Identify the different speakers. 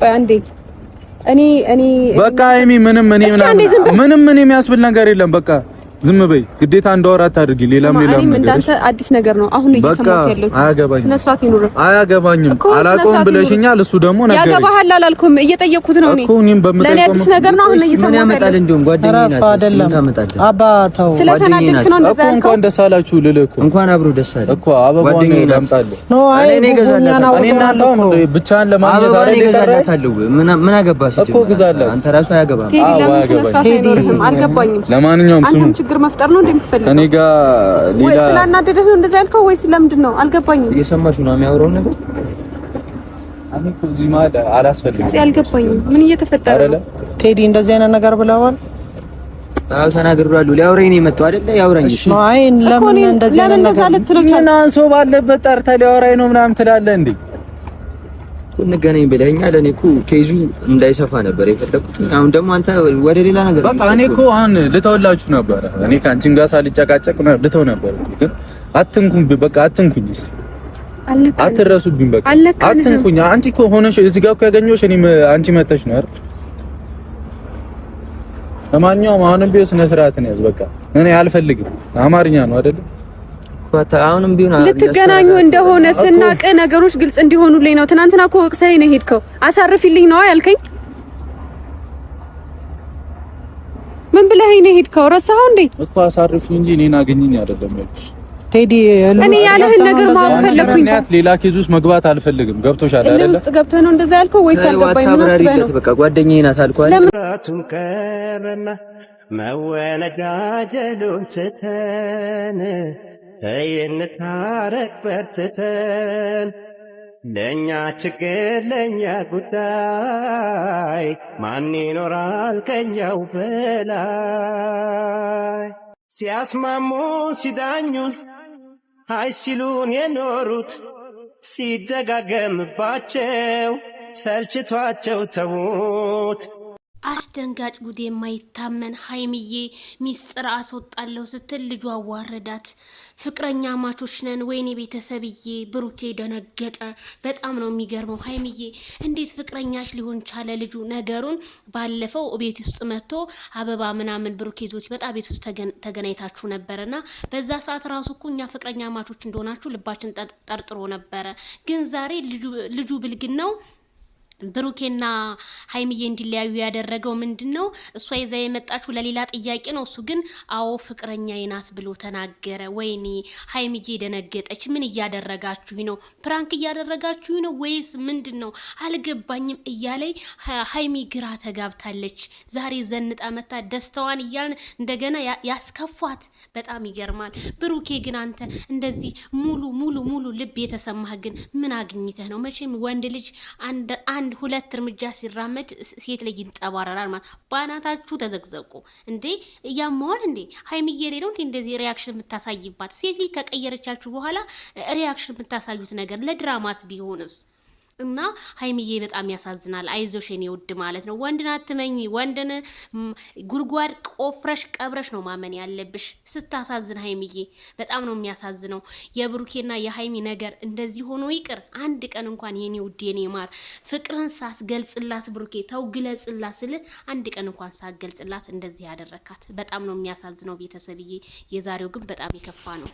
Speaker 1: ቆይ አንዴ እኔ እኔ
Speaker 2: በቃ ሃይሚ ምንም እኔ ምንም ምን የሚያስብል ነገር የለም በቃ ዝም በይ። ግዴታ እንዳወራ አታድርጊ። ሌላም ሌላም
Speaker 1: እንዳንተ አዲስ ነገር ነው አሁን እየሰማሁት ያለሁት።
Speaker 2: ስነ ስርዓት ይኑር። አያገባኝም አላውቀውም ብለሽኛል። እሱ ደግሞ ነገር
Speaker 1: ያገባሃል አላልኩም፣ እየጠየቅኩት ነው እኔ። አዲስ ነገር ነው አሁን
Speaker 3: እየሰማሁት ያለሁት።
Speaker 4: ጓደኛዬ አባ
Speaker 1: ነው
Speaker 2: እንኳን ደስ አላችሁ ልልህ እኮ
Speaker 3: እንኳን አብሮ ደስ አለ
Speaker 2: እኮ። እኔ ብቻህን ለማግኘት
Speaker 3: ምን አገባሽ
Speaker 2: እኮ። አንተ። ለማንኛውም
Speaker 1: ስሙ ችግር መፍጠር ነው እንደምትፈልገው?
Speaker 2: እኔ ጋር ሌላ
Speaker 1: ስላናደደህ ነው እንደዚህ ያልከው ወይስ ለምንድን ነው? አልገባኝም።
Speaker 3: እየሰማሽ ነው የሚያወራው ነገር
Speaker 2: እኔ እኮ እዚህ አላስፈልግም።
Speaker 1: እዚህ አልገባኝም። ምን እየተፈጠረ ነው?
Speaker 4: ቴዲ እንደዚህ አይነት ነገር ብለዋል።
Speaker 3: አዎ ተናግሯል። ሊያወራኝ ነው የመጣው አይደለ? ያወራኝ እሺ።
Speaker 4: ነው። አይ ለምን እንደዚህ
Speaker 1: አይነት ነገር
Speaker 2: ለምን አንሶ ባለበት ጠርተህ ሊያወራኝ ነው ምናምን ትላለህ እንዴ?
Speaker 3: እንገናኝ ብለኸኛል። እኔ እኮ ኬዙ እንዳይሰፋ ነበር የፈለኩት።
Speaker 2: አሁን ደግሞ አንተ ወደ ሌላ ነገር በቃ እኔ እኮ አሁን ልተውላችሁ ነበር። እኔ ከአንቺም ጋር ሳልጨቃጨቅ ልተው ነበር፣ ግን አትንኩኝ፣ በቃ አትንኩኝ፣ አትረሱብኝ፣ በቃ አትንኩኝ። አንቺ እኮ ሆነሽ እዚህ ጋር እኮ ያገኘሁሽ እኔ አንቺ መተሽ ነው አይደል? ለማንኛውም አሁንም ቢሆን ስነ ስርዓትን ያዝ። በቃ እኔ አልፈልግም። አማርኛ ነው አይደለም
Speaker 3: አሁንም ቢሆን
Speaker 1: ልትገናኙ እንደሆነ ስናቅ ነገሮች ግልጽ እንዲሆኑልኝ ነው። ትናንትና እኮ ወቅሰኸኝ ነው ሄድከው፣ አሳርፊልኝ ነው ያልከኝ። ምን ብለህ ነው የሄድከው? ረሳኸው እንዴ?
Speaker 2: እኮ አሳርፊኝ እንጂ እኔን አገኘኝ አይደለም ያልኩሽ
Speaker 4: ቴዲ
Speaker 1: እኔ ያለህን ነገር ማወቅ ፈለኩኝ።
Speaker 2: ሌላ ኬዝ ውስጥ መግባት አልፈልግም። ገብቶሻል
Speaker 1: አይደለ? ውስጥ ገብተህ ነው እንደዛ ያልከው ወይስ አልገባኝ? ምን
Speaker 3: አስበህ ነው? በቃ ጓደኛዬ ናት አልኳት።
Speaker 5: ለምራቱን ቀረና መወነጃጀሉን ትተን ተይ እንታረቅ በርትተን ለእኛ ችግር ለእኛ ጉዳይ ማን ይኖራል ከኛው በላይ ሲያስማሙ ሲዳኙን አይ ሲሉን የኖሩት ሲደጋገምባቸው ሰልችቷቸው ተዉት።
Speaker 1: አስደንጋጭ ጉድ የማይታመን ሀይምዬ ሚስጥር አስወጣለሁ ስትል ልጁ አዋረዳት። ፍቅረኛ ማቾች ነን ወይኔ ቤተሰብዬ፣ ብሩኬ ደነገጠ። በጣም ነው የሚገርመው። ሀይምዬ እንዴት ፍቅረኛች ሊሆን ቻለ? ልጁ ነገሩን ባለፈው ቤት ውስጥ መጥቶ አበባ ምናምን ብሩኬ ይዞ ሲመጣ ቤት ውስጥ ተገናኝታችሁ ነበረ እና በዛ ሰዓት ራሱ እኮ እኛ ፍቅረኛ ማቾች እንደሆናችሁ ልባችን ጠርጥሮ ነበረ። ግን ዛሬ ልጁ ብልግናው ብሩኬና ሀይምዬ እንዲለያዩ ያደረገው ምንድን ነው? እሷ ይዛ የመጣችው ለሌላ ጥያቄ ነው። እሱ ግን አዎ ፍቅረኛ ናት ብሎ ተናገረ። ወይኔ ሀይምዬ ደነገጠች። ምን እያደረጋችሁ ነው? ፕራንክ እያደረጋችሁ ነው ወይስ ምንድን ነው? አልገባኝም እያለይ ሀይሚ ግራ ተጋብታለች። ዛሬ ዘንጣ መታ ደስታዋን እያልን እንደገና ያስከፏት። በጣም ይገርማል። ብሩኬ ግን አንተ እንደዚህ ሙሉ ሙሉ ሙሉ ልብ የተሰማህ ግን ምን አግኝተህ ነው? መቼም ወንድ ልጅ አንድ አንድ ሁለት እርምጃ ሲራመድ ሴት ላይ ይንጠባረራል ማለት በአናታችሁ ተዘግዘቁ እንዴ እያመዋል እንዴ ሀይሚዬ ነው እንዴ እንደዚህ ሪያክሽን የምታሳይባት ሴት ልጅ ከቀየረቻችሁ በኋላ ሪያክሽን የምታሳዩት ነገር ለድራማስ ቢሆንስ እና ሀይሚዬ በጣም ያሳዝናል። አይዞሽ የኔ ውድ ማለት ነው። ወንድን አትመኝ። ወንድን ጉድጓድ ቆፍረሽ ቀብረሽ ነው ማመን ያለብሽ። ስታሳዝን ሀይሚዬ በጣም ነው የሚያሳዝነው። የብሩኬና የሀይሚ ነገር እንደዚህ ሆኖ ይቅር አንድ ቀን እንኳን የኔ ውድ የኔ ማር ፍቅርህን ሳትገልጽላት ብሩኬ ተው ግለጽላት ስል አንድ ቀን እንኳን ሳትገልጽላት እንደዚህ ያደረካት በጣም ነው የሚያሳዝነው። ቤተሰብዬ የዛሬው ግን በጣም የከፋ ነው።